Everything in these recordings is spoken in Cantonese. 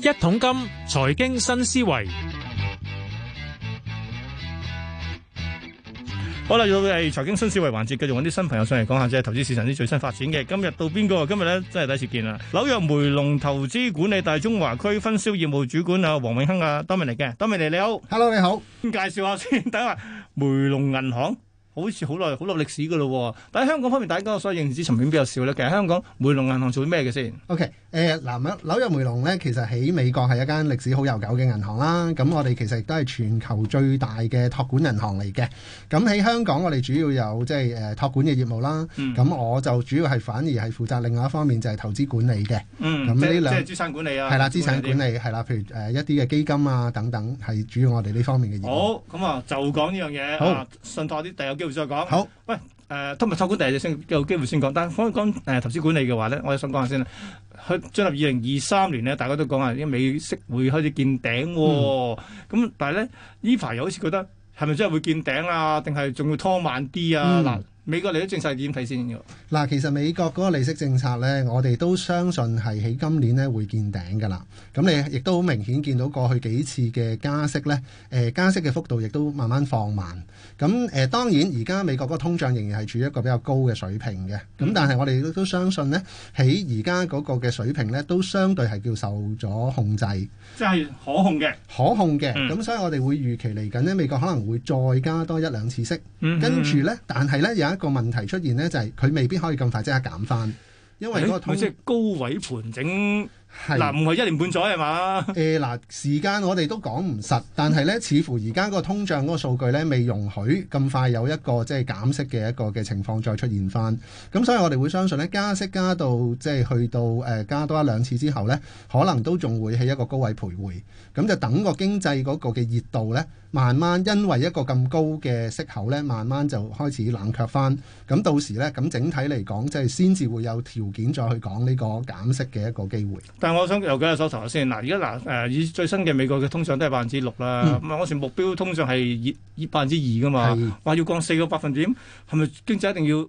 一桶金財經新思維好啦，又係財經新思維環節，繼續揾啲新朋友上嚟講下。即係。投資市場啲最新發展嘅今日到邊個？今日咧真係第一次見啊！紐約梅隆投資管理大中華區分銷業務主管啊，王永鏗啊，多美尼嘅多美尼，你好，Hello，你好，介紹下先，等下梅隆銀行。好似好耐好耐歷史嘅咯喎，但喺香港方面大家所以認知層面比較少咧。其實香港梅隆銀行做咩嘅先？OK，誒、呃，嗱，咁紐約梅隆咧其實喺美國係一間歷史好悠久嘅銀行啦。咁我哋其實亦都係全球最大嘅託管銀行嚟嘅。咁喺香港我哋主要有即係誒託管嘅業務啦。咁、嗯、我就主要係反而係負責另外一方面就係投資管理嘅。嗯。咁呢兩、嗯、即係資產管理啊。係啦，資產管理係啦，譬如誒、呃、一啲嘅基金啊等等，係主要我哋呢方面嘅業務。好，咁啊就講呢樣嘢好、啊，信託啲第二。再講好，喂，誒、呃，同埋託管第二隻先有機會先講。但係講誒投資管理嘅話咧，我有想講下先啦。佢進入二零二三年呢，大家都講話啲美息會開始見頂喎、哦，咁、嗯、但係咧呢排又好似覺得係咪真係會見頂啊？定係仲要拖慢啲啊？嗱、嗯。美國利息政策係點睇先？嗱，其實美國嗰個利息政策咧，我哋都相信係喺今年咧會見頂㗎啦。咁你亦都好明顯見到過去幾次嘅加息咧，誒、呃、加息嘅幅度亦都慢慢放慢。咁誒、呃、當然而家美國嗰個通脹仍然係處於一個比較高嘅水平嘅。咁、嗯、但係我哋都相信咧，喺而家嗰個嘅水平咧，都相對係叫受咗控制，即係可控嘅。可控嘅。咁、嗯、所以我哋會預期嚟緊咧，美國可能會再加多一兩次息。嗯嗯，跟住咧，但係咧有，一個問題出現咧，就係、是、佢未必可以咁快即刻減返，因為嗰個通即係、欸、高位盤整。係，嗱唔係一年半載係嘛？誒、呃、嗱，時間我哋都講唔實，但係咧，似乎而家個通脹嗰個數據咧，未容許咁快有一個即係、就是、減息嘅一個嘅情況再出現翻。咁所以我哋會相信咧，加息加到即係、就是、去到誒、呃、加多一兩次之後咧，可能都仲會喺一個高位徘徊。咁就等個經濟嗰個嘅熱度咧，慢慢因為一個咁高嘅息口咧，慢慢就開始冷卻翻。咁到時咧，咁整體嚟講，即係先至會有條件再去講呢個減息嘅一個機會。但係，我想又舉下手頭先嗱。而家嗱誒，以最新嘅美國嘅通脹都係百分之六啦。咁我哋目標通脹係二二百分之二㗎嘛？話是要降四個百分點，係咪經濟一定要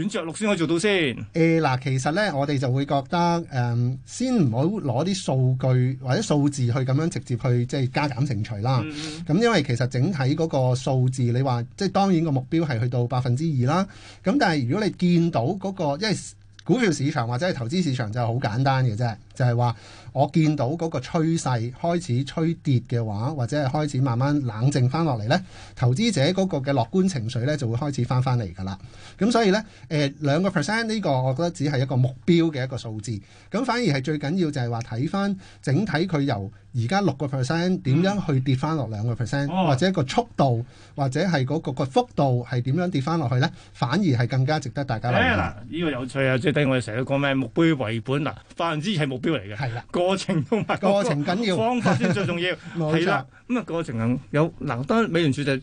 軟着陸先可以做到先？誒嗱、欸，其實咧，我哋就會覺得誒、嗯，先唔好攞啲數據或者數字去咁樣直接去即係、就是、加減乘除啦。咁、嗯、因為其實整體嗰個數字，你話即係當然個目標係去到百分之二啦。咁但係如果你見到嗰、那個，因為股票市場或者係投資市場就係好簡單嘅啫。就係話，我見到嗰個趨勢開始吹跌嘅話，或者係開始慢慢冷靜翻落嚟呢，投資者嗰個嘅樂觀情緒咧就會開始翻翻嚟㗎啦。咁所以呢，誒兩個 percent 呢個，我覺得只係一個目標嘅一個數字。咁反而係最緊要就係話睇翻整體佢由而家六個 percent 點樣去跌翻落兩個 percent，或者個速度，或者係嗰個個幅度係點樣跌翻落去呢，反而係更加值得大家留意。呢個有趣啊！即係我哋成日都講咩目標為本嗱，百分之係目標。嚟嘅係啦，過程都唔係過程緊要，要方法先最重要。係啦 錯，咁啊過程有嗱，當、呃、然美聯儲就誒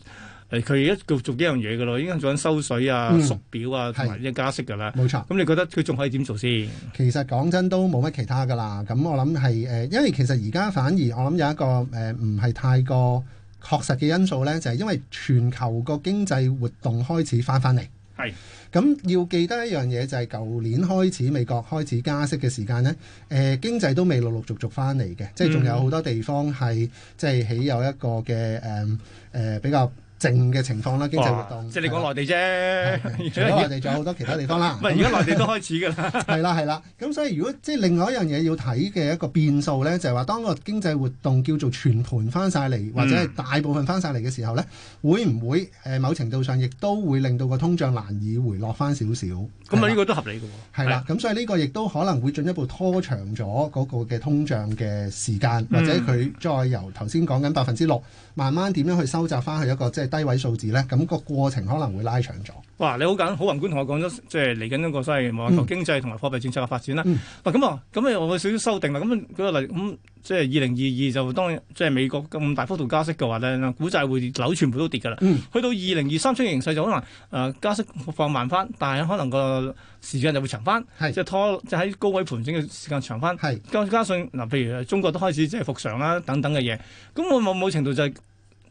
佢而家做做幾樣嘢噶咯，應該做緊收水啊、縮、嗯、表啊同即的加息噶啦。冇錯錯。咁你覺得佢仲可以點做先？其實講真都冇乜其他噶啦。咁我諗係誒，因為其實而家反而我諗有一個誒唔係太過確實嘅因素咧，就係、是、因為全球個經濟活動開始返返嚟。係的。咁要記得一樣嘢就係、是、舊年開始美國開始加息嘅時間咧，誒、呃、經濟都未陸陸,陸續續翻嚟嘅，即係仲有好多地方係、嗯、即係起有一個嘅誒誒比較。淨嘅情況啦，經濟活動即係你講內地啫，除咗內地，仲有好多其他地方啦。而家 內地都開始㗎啦。係 啦，係啦。咁所以如果即係、就是、另外一樣嘢要睇嘅一個變數咧，就係、是、話當個經濟活動叫做全盤翻晒嚟，或者係大部分翻晒嚟嘅時候咧，嗯、會唔會誒、呃、某程度上亦都會令到個通脹難以回落翻少少？咁啊，呢個都合理嘅喎。係啦，咁所以呢個亦都可能會進一步拖長咗嗰個嘅通脹嘅時間，嗯、或者佢再由頭先講緊百分之六。慢慢點樣去收集翻去一個即係低位數字咧？咁個過程可能會拉長咗。哇！你好緊，好宏觀，同我講咗即係嚟緊嗰個所謂經濟同埋貨幣政策嘅發展啦。嗱咁、嗯、啊，咁啊，我會少少修訂啦。咁舉個例，咁、嗯、即係二零二二就當然即係美國咁大幅度加息嘅話咧，股債匯樓全部都跌㗎啦。嗯、去到二零二三出嚟形勢就可能誒、呃、加息放慢翻，但係可能個時間就會長翻是，即係拖即係喺高位盤整嘅時間長翻。係是加上嗱、呃，譬如中國都開始即係復常啦等等嘅嘢，咁我冇冇程度就係、是。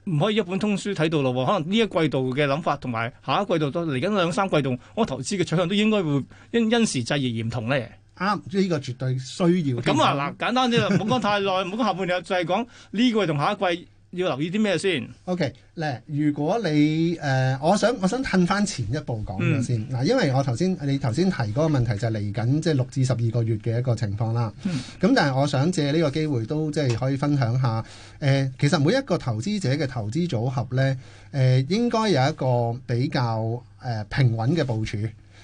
唔可以一本通書睇到咯。可能呢一季度嘅諗法同埋下一季度、都嚟緊兩三季度，我投資嘅取向都應該會因因時制宜而唔同咧。啱，呢個絕對需要。咁啊，嗱，簡單啲啦，唔好講太耐，唔好講下半日，就係講呢個同下一季，要留意啲咩先？OK，咧如果你誒、呃，我想我想褪翻前一步講咗先嗱，嗯、因為我頭先你頭先提嗰個問題就係嚟緊即係六至十二個月嘅一個情況啦。咁、嗯、但係我想借呢個機會都即係、就是、可以分享下誒、呃，其實每一個投資者嘅投資組合咧誒、呃，應該有一個比較誒、呃、平穩嘅部署。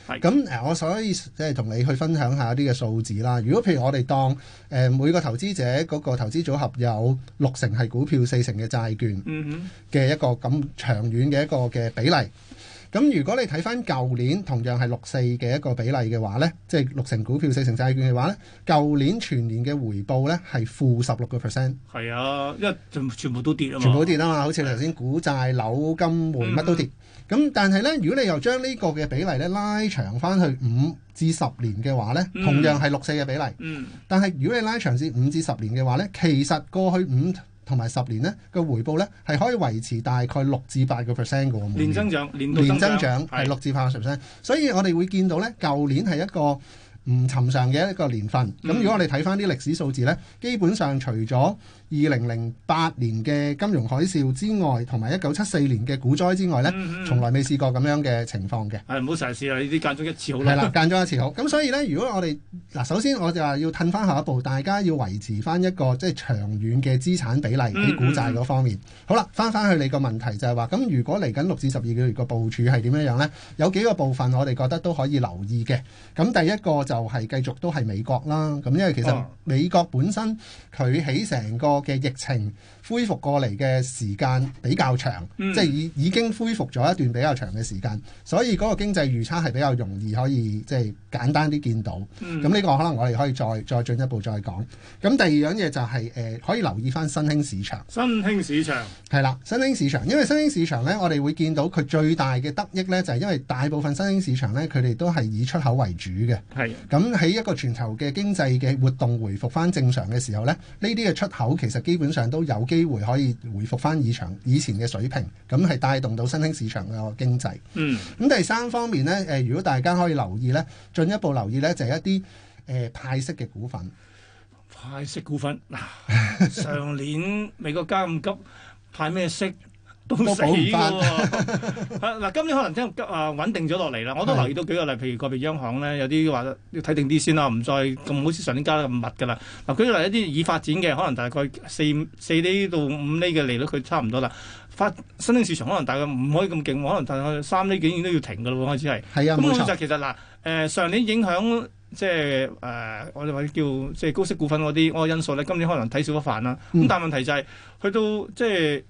咁誒，我所以即係同你去分享下啲嘅數字啦。如果譬如我哋當誒每個投資者嗰個投資組合有六成係股票，四成嘅債券嘅一個咁長遠嘅一個嘅比例。咁如果你睇翻舊年同樣係六四嘅一個比例嘅話呢，即係六成股票四成債券嘅話呢，舊年全年嘅回報呢係負十六個 percent。係啊，因為全部都跌啊嘛。全部都跌啊嘛，好似頭先股債樓金匯乜都跌。咁、嗯、但係呢，如果你又將呢個嘅比例呢拉長翻去五至十年嘅話呢同樣係六四嘅比例。嗯嗯、但係如果你拉長至五至十年嘅話呢，其實過去五。同埋十年咧，個回報咧係可以維持大概六至八個 percent 㗎喎，年、年增長年度增長係六至八個 percent，所以我哋會見到咧，舊年係一個唔尋常嘅一個年份。咁、嗯、如果我哋睇返啲歷史數字咧，基本上除咗二零零八年嘅金融海嘯之外，同埋一九七四年嘅股災之外呢，從、嗯、來未試過咁樣嘅情況嘅。誒、嗯，唔好嘗試啊！呢啲間中一次好啦。係啦，間中一次好。咁 所以呢，如果我哋嗱，首先我就話要褪翻下一步，大家要維持翻一個即係長遠嘅資產比例喺、嗯、股債嗰方面。嗯嗯、好啦，翻返去你個問題就係話，咁如果嚟緊六至十二個月個部署係點樣樣呢？有幾個部分我哋覺得都可以留意嘅。咁第一個就係繼續都係美國啦。咁因為其實美國本身佢喺成個嘅疫情。恢復過嚟嘅時間比較長，嗯、即係已已經恢復咗一段比較長嘅時間，所以嗰個經濟預測係比較容易可以即係、就是、簡單啲見到。咁呢、嗯、個可能我哋可以再再進一步再講。咁第二樣嘢就係、是、誒、呃、可以留意返新興市場。新興市場係啦，新興市場，因為新興市場呢，我哋會見到佢最大嘅得益呢，就係、是、因為大部分新興市場呢，佢哋都係以出口為主嘅。係的。咁喺一個全球嘅經濟嘅活動回復返正常嘅時候呢，呢啲嘅出口其實基本上都有，機會可以回復翻以前以前嘅水平，咁係帶動到新興市場嘅經濟。嗯，咁第三方面呢，誒，如果大家可以留意呢，進一步留意呢，就係、是、一啲誒、呃、派息嘅股份。派息股份嗱， 上年美國加咁急派咩息？都死噶喎、啊！嗱， 今年可能真啊穩定咗落嚟啦。我都留意到幾個例，譬如個別央行咧，有啲話要睇定啲先啦，唔再咁好似上年加得咁密噶啦。嗱、啊，舉例一啲已發展嘅，可能大概四四厘到五厘嘅利率，佢差唔多啦。發新興市場可能大概唔可以咁勁，可能大概三厘幾都要停噶啦，開始係。係啊，咁那錯其實嗱，誒、呃、上年影響即係誒、呃，我哋話叫即係高息股份嗰啲嗰個因素咧，今年可能睇少咗份啦。咁但係問題就係、是嗯、去到即係。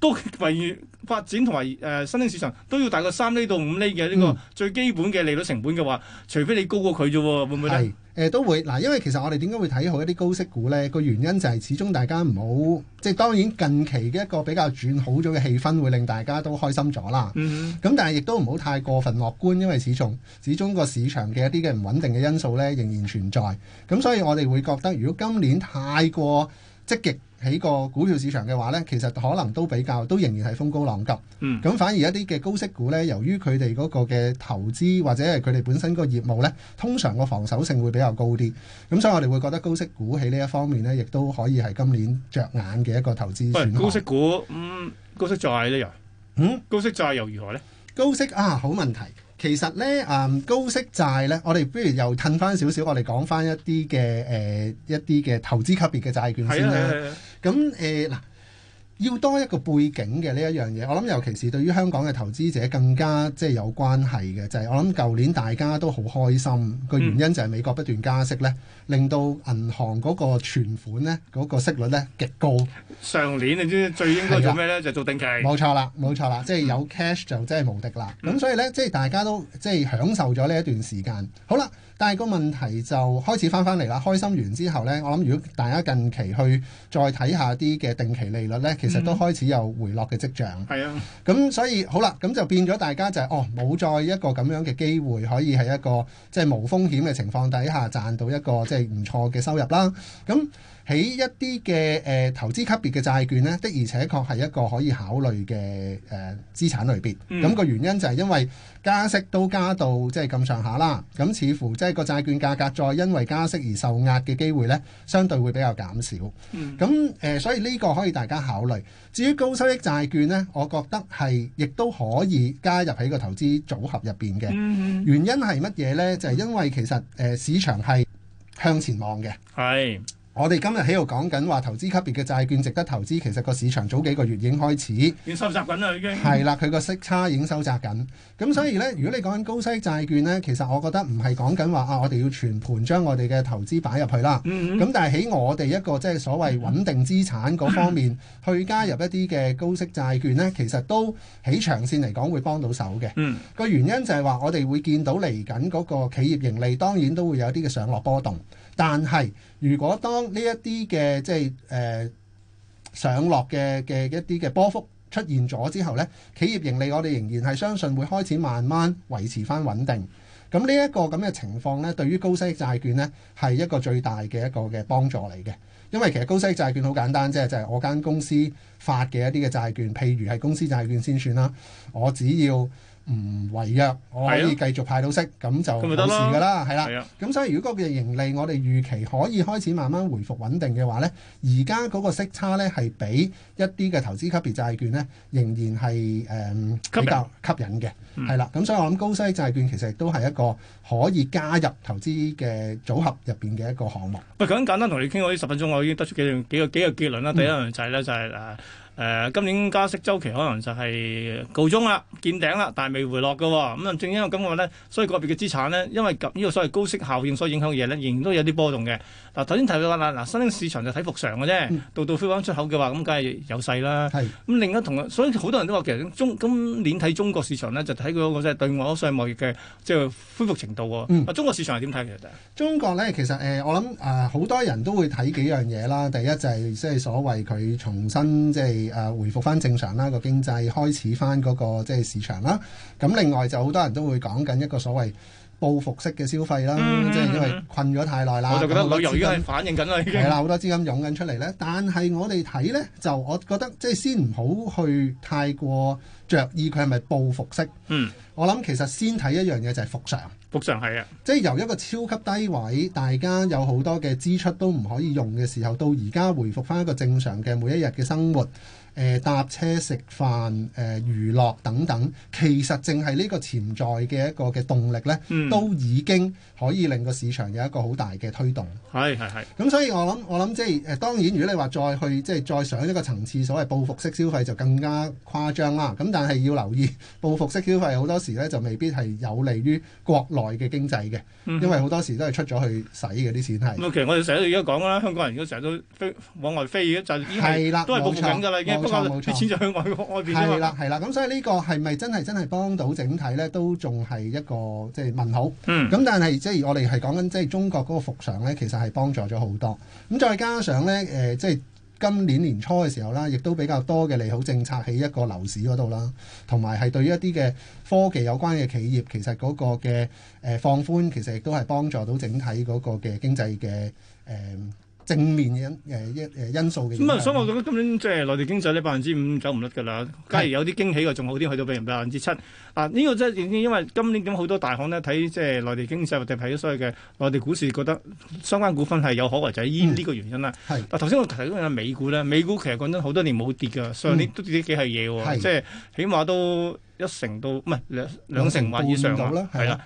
都維持發展同埋誒新興市場都要大約三厘到五厘嘅呢、嗯、個最基本嘅利率成本嘅話，除非你高過佢啫喎，會唔會咧？誒、呃、都會嗱，因為其實我哋點解會睇好一啲高息股呢？個原因就係始終大家唔好，即係當然近期嘅一個比較轉好咗嘅氣氛，會令大家都開心咗啦。咁、嗯、哼但係亦都唔好太過分樂觀，因為始終始終個市場嘅一啲嘅唔穩定嘅因素呢仍然存在。咁所以我哋會覺得，如果今年太過積極喺個股票市場嘅話呢其實可能都比較，都仍然係風高浪急。咁、嗯、反而一啲嘅高息股呢，由於佢哋嗰個嘅投資或者係佢哋本身嗰個業務呢，通常個防守性會比較高啲。咁所以我哋會覺得高息股喺呢一方面呢，亦都可以係今年着眼嘅一個投資選項。高息股，嗯，高息債呢又，嗯，高息債又如何呢？高息啊，好問題。其實咧，誒、嗯、高息債咧，我哋不如又褪翻少少，我哋講翻一啲嘅誒一啲嘅投資級別嘅債券先啦。咁誒嗱。要多一個背景嘅呢一樣嘢，我諗尤其是對於香港嘅投資者更加即係有關係嘅，就係、是、我諗舊年大家都好開心嘅、嗯、原因就係美國不斷加息咧，令到銀行嗰個存款咧嗰、那個息率咧極高。上年你知最應該做咩咧？的就做定期。冇錯啦，冇錯啦，即係有 cash 就真係無敵啦。咁、嗯、所以咧，即係大家都即係享受咗呢一段時間。好啦，但係個問題就開始翻翻嚟啦。開心完之後咧，我諗如果大家近期去再睇下啲嘅定期利率咧，其實都開始有回落嘅跡象，係啊、嗯，咁所以好啦，咁就變咗大家就係、是、哦，冇再一個咁樣嘅機會可以喺一個即係、就是、無風險嘅情況底下賺到一個即係唔錯嘅收入啦，咁。喺一啲嘅誒投資級別嘅債券呢，的而且確係一個可以考慮嘅誒、呃、資產類別。咁、嗯、個原因就係因為加息都加到即係咁上下啦。咁似乎即係個債券價格再因為加息而受壓嘅機會呢，相對會比較減少。咁誒、嗯呃，所以呢個可以大家考慮。至於高收益債券呢，我覺得係亦都可以加入喺個投資組合入邊嘅。嗯、原因係乜嘢呢？就係、是、因為其實誒、呃、市場係向前望嘅。係。我哋今日喺度講緊話投資級別嘅債券值得投資，其實個市場早幾個月已經開始。已經收窄緊啦，已經。係啦，佢個息差已經收窄緊。咁所以呢，嗯、如果你講緊高息債券呢，其實我覺得唔係講緊話啊，我哋要全盤將我哋嘅投資擺入去啦。咁、嗯嗯、但係喺我哋一個即係、就是、所謂穩定資產嗰方面，嗯、去加入一啲嘅高息債券呢，其實都喺長線嚟講會幫到手嘅。個、嗯、原因就係話我哋會見到嚟緊嗰個企業盈利當然都會有啲嘅上落波動。但係，如果當呢一啲嘅即係誒、呃、上落嘅嘅一啲嘅波幅出現咗之後呢，企業盈利我哋仍然係相信會開始慢慢維持翻穩定。咁呢一個咁嘅情況呢，對於高息債券呢係一個最大嘅一個嘅幫助嚟嘅，因為其實高息債券好簡單啫，就係、是、我間公司。發嘅一啲嘅債券，譬如係公司債券先算啦。我只要唔違約，我可以繼續派到息，咁的就冇事㗎啦，係啦的。咁的所以如果嗰個盈利我哋預期可以開始慢慢回復穩定嘅話咧，而家嗰個息差咧係比一啲嘅投資級別債券咧，仍然係誒、嗯、引比較吸引嘅，係啦、嗯。咁所以我諗高息債券其實亦都係一個可以加入投資嘅組合入邊嘅一個項目。喂、嗯，咁簡單同你傾我呢十分鐘，我已經得出幾樣幾個幾個結論啦。第一樣就係咧，就係誒。誒、呃、今年加息週期可能就係告終啦，見頂啦，但係未回落嘅喎。咁啊，正因為咁話咧，所以個別嘅資產咧，因為呢個所謂高息效應所影響嘅嘢咧，仍然都有啲波動嘅。嗱，頭先提到啦，嗱，新興市場就睇復常嘅啫。到到飛翻出口嘅話，咁梗係有勢啦。咁是另一同，所以好多人都話，其實中今年睇中國市場咧，就睇嗰個即係對外商貿易嘅即係恢復程度喎。嗯、中國市場係點睇嘅？實？中國咧，其實誒、呃，我諗啊，好、呃、多人都會睇幾樣嘢啦。第一就係即係所謂佢重新即係誒回復翻正常啦個經濟，開始翻嗰、那個即係、就是、市場啦。咁另外就好多人都會講緊一個所謂。報復式嘅消費啦，嗯、即係因為困咗太耐啦，我就覺得好多資金反應緊啦，已經係啦，好多資金湧緊出嚟咧。但係我哋睇咧，就我覺得即係先唔好去太過。着意佢係咪報復式？嗯，我諗其實先睇一樣嘢就係復常，復常係啊，即係由一個超級低位，大家有好多嘅支出都唔可以用嘅時候，到而家回復翻一個正常嘅每一日嘅生活，誒、呃、搭車、食飯、誒、呃、娛樂等等，其實淨係呢個潛在嘅一個嘅動力咧，嗯、都已經可以令個市場有一個好大嘅推動，係係係，咁所以我諗我諗即係誒、呃、當然，如果你話再去即係再上一個層次，所謂報復式消費就更加誇張啦。咁但但係要留意報復式消費好多時咧，就未必係有利於國內嘅經濟嘅，因為好多時都係出咗去使嗰啲錢係。咁、嗯、其實我哋成日都而家講啦，香港人如果成日都飛往外飛，就已經係都係報復㗎啦，已經。冇錯，啲錢就向外外邊啫係啦，係啦。咁所以呢個係咪真係真係幫到整體咧？都仲係一個即係問號。咁但係即係我哋係講緊即係中國嗰個復常咧，其實係幫助咗好多。咁再加上咧，誒、呃，即係。今年年初嘅時候啦，亦都比較多嘅利好政策喺一個樓市嗰度啦，同埋係對於一啲嘅科技有關嘅企業，其實嗰個嘅誒、呃、放寬，其實亦都係幫助到整體嗰個嘅經濟嘅誒。呃正面嘅誒一因素嘅，咁啊、嗯，所以我覺得今年即係內地經濟呢，百分之五走唔甩噶啦。假如是有啲驚喜嘅，仲好啲去到比人哋百分之七。啊，呢、呢個即係因為今年點好多大行呢，睇即係內地經濟，或者睇咗所有嘅內地股市，覺得相關股份係有可為，就係依呢個原因啦。係、嗯。啊，頭先我提咗美股呢，美股其實講真好多年冇跌嘅，上年都跌啲幾係嘢喎，嗯、即係起碼都一成到唔係兩兩成或以上啦、啊。係啦、啊。的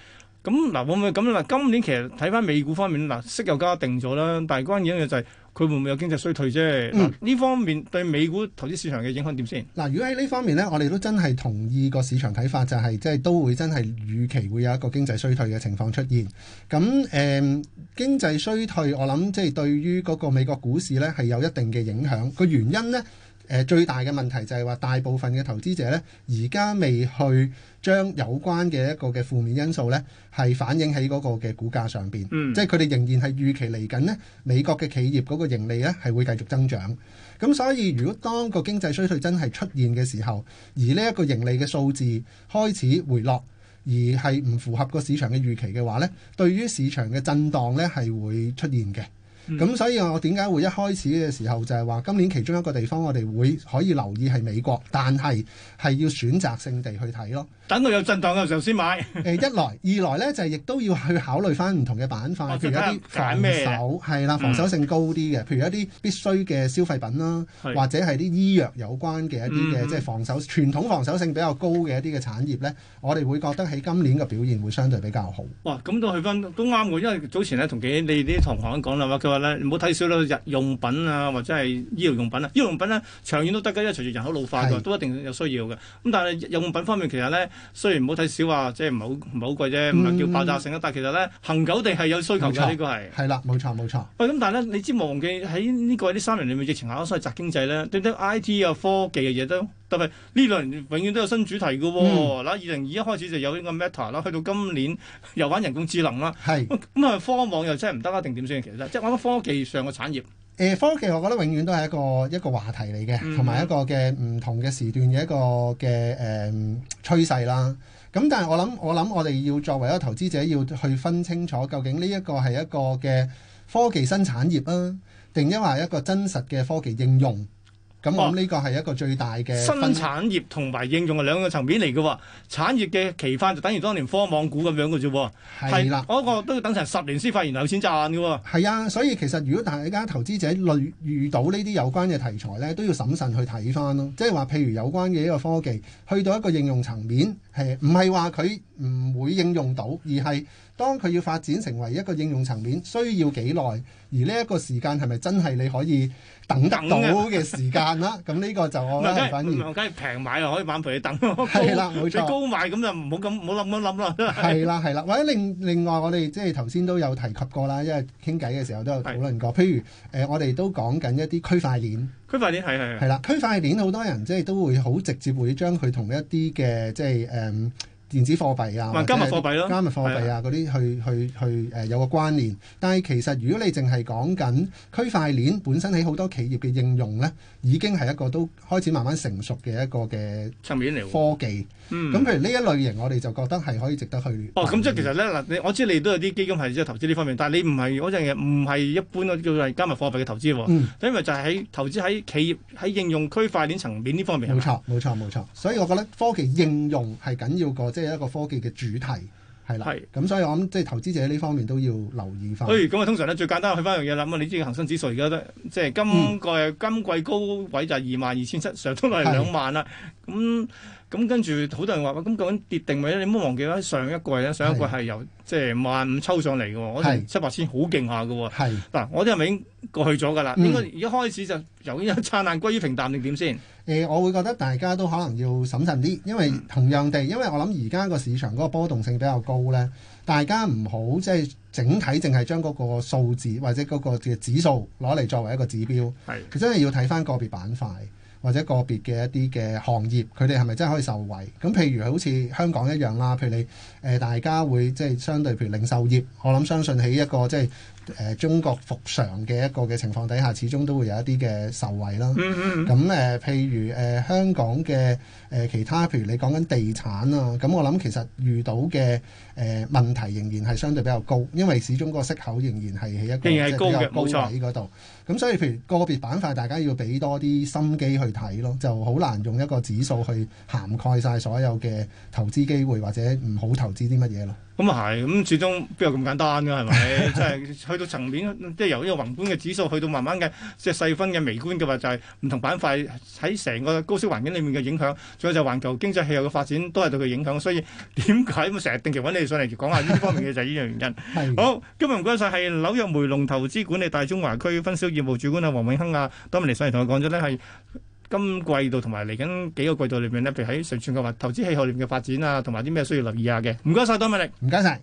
咁嗱，嗯、會唔會咁咧？今年其實睇返美股方面，嗱息又加定咗啦，但係關鍵嘅就係佢會唔會有經濟衰退啫？嗱、嗯，呢方面對美股投資市場嘅影響點先？嗱、嗯，如果喺呢方面咧，我哋都真係同意個市場睇法、就係，就係即係都會真係預期會有一個經濟衰退嘅情況出現。咁誒、嗯，經濟衰退我諗即係對於嗰個美國股市咧係有一定嘅影響。個原因咧。誒最大嘅問題就係話，大部分嘅投資者呢，而家未去將有關嘅一個嘅負面因素呢，係反映喺嗰個嘅股價上邊，嗯、即係佢哋仍然係預期嚟緊呢美國嘅企業嗰個盈利呢，係會繼續增長。咁所以，如果當個經濟衰退真係出現嘅時候，而呢一個盈利嘅數字開始回落，而係唔符合個市場嘅預期嘅話呢，對於市場嘅震盪呢，係會出現嘅。咁所以我點解會一開始嘅時候就係話今年其中一個地方我哋會可以留意，係美國，但係係要選擇性地去睇咯。等佢有震盪嘅時候先買、呃。誒一來二來咧，就係、是、亦都要去考慮翻唔同嘅板塊， 譬如一啲反手，係啦，防守性高啲嘅，譬、嗯、如一啲必須嘅消費品啦，嗯、或者係啲醫藥有關嘅一啲嘅，嗯、即係防守傳統防守性比較高嘅一啲嘅產業咧，我哋會覺得喺今年嘅表現會相對比較好。哇！咁都去翻都啱嘅，因為早前咧同幾你啲同行講啦，佢話咧唔好睇少咧日用品啊，或者係醫療用品啊。醫療用品咧長遠都得㗎，因為隨住人口老化都一定有需要嘅。咁但係日用品方面其實咧。雖然唔好睇少啊，即係唔係好唔係好貴啫，唔係叫爆炸性啊。嗯、但係其實咧，恒久地係有需求嘅。呢個係係啦，冇錯冇錯。喂，咁但係咧，你知忘記喺呢個啲三年裏面疫情下所謂宅經濟咧，點解 I T 啊科技嘅嘢都特別呢兩年永遠都有新主題㗎喎、哦。嗱、嗯，二零二一開始就有呢個 Meta 啦，去到今年又玩人工智能啦。係咁啊，科網又真係唔得一定點先？其實即係玩科技上嘅產業,業。誒、呃、科技，我覺得永遠都係一個一個話題嚟嘅，同埋一個嘅唔同嘅時段嘅一個嘅誒、呃、趨勢啦。咁但係我諗，我諗我哋要作為一個投資者，要去分清楚究竟呢一個係一個嘅科技新產業啦、啊，定抑或係一個真實嘅科技應用？咁呢個係一個最大嘅新產業同埋應用嘅兩個層面嚟嘅喎，產業嘅期化就等於當年科網股咁樣嘅啫，係喇，嗰個都要等成十年先發現有錢賺嘅喎、啊。係啊，所以其實如果大家投資者遇遇到呢啲有關嘅題材呢，都要審慎去睇翻咯。即係話，譬如有關嘅一個科技，去到一個應用層面，係唔係話佢唔會應用到，而係？當佢要發展成為一個應用層面，需要幾耐？而呢一個時間係咪真係你可以等得到嘅時間啦？咁呢等的 個就我咧反而，梗係平買又可以眼皮嚟等，係啦冇錯。高買咁就唔好咁好諗一諗啦。係啦係啦，或者另另外我哋即係頭先都有提及過啦，因為傾偈嘅時候都有討論過。譬的如誒、呃，我哋都講緊一啲區塊鏈，區塊鏈係係係啦，區塊鏈好多人即係都會好直接會將佢同一啲嘅即係誒。嗯電子貨幣啊，加密貨幣咯，加密貨幣啊嗰啲、啊啊啊、去去去誒、呃、有個關聯，但係其實如果你淨係講緊區塊鏈本身喺好多企業嘅應用咧，已經係一個都開始慢慢成熟嘅一個嘅層面嚟。科技，咁、嗯、譬如呢一類型，我哋就覺得係可以值得去。哦，咁、啊嗯、即係其實咧嗱，你我知你都有啲基金係即係投資呢方面，但係你唔係嗰陣嘢，唔係一般啲叫做加密貨幣嘅投資喎、啊。嗯。因為就係喺投資喺企業喺應用區塊鏈層面呢方面。冇錯、嗯，冇錯吧，冇錯。所以我覺得科技應用係緊要過即。一個科技嘅主題係啦，咁的所以我諗即係投資者呢方面都要留意翻。誒，咁啊通常咧最簡單去翻一樣嘢啦，咁啊你知嘅恒生指數而家都即係今季、嗯、今季高位就係二萬二千七，上通落嚟兩萬啦，咁。咁跟住，好多人話，咁、嗯、究竟跌定位咧？你唔好忘記啦，上一個月咧，上一個月係由是即係萬五抽上嚟嘅，我哋七八千好勁下嘅。嗱，我哋係咪已經過去咗㗎啦？嗯、應該一開始就由一燦爛歸於平淡定點先。誒、呃，我會覺得大家都可能要審慎啲，因為同樣地，因為我諗而家個市場嗰個波動性比較高咧，大家唔好即係整體淨係將嗰個數字或者嗰個指數攞嚟作為一個指標，佢是是真係要睇翻個別板塊。或者個別嘅一啲嘅行業，佢哋係咪真係可以受惠？咁譬如好似香港一樣啦，譬如你誒、呃、大家會即係、就是、相對譬如零售業，我諗相信喺一個即係，就是誒、呃、中國復常嘅一個嘅情況底下，始終都會有一啲嘅受惠啦。咁誒、嗯嗯嗯嗯呃，譬如誒、呃、香港嘅誒、呃、其他，譬如你講緊地產啊，咁、嗯、我諗其實遇到嘅誒、呃、問題仍然係相對比較高，因為始終個息口仍然係喺一個高比較高位嗰度。咁冇錯，所以，譬如個別板塊，大家要俾多啲心機去睇咯，就好難用一個指數去涵蓋晒所有嘅投資機會，或者唔好投資啲乜嘢咯。咁啊，係，咁、嗯、始終邊有咁簡單嘅係咪？ 即係去到層面，即係由呢個宏觀嘅指數去到慢慢嘅即係細分嘅微觀嘅話，就係、是、唔同板塊喺成個高息環境裏面嘅影響，仲有就係環球經濟氣候嘅發展都係對佢影響。所以點解咁成日定期揾你哋上嚟講下呢方面嘅 就係呢樣原因。 好，今日唔該晒係紐約梅隆投資管理大中華區分銷業務主管啊，王永鏗啊，多謝嚟上嚟同我講咗呢係。今季度同埋嚟緊幾個季度裏邊咧，譬如喺上全球投資氣候裏面嘅發展啊，同埋啲咩需要留意下嘅？唔該晒，多米力，唔該晒。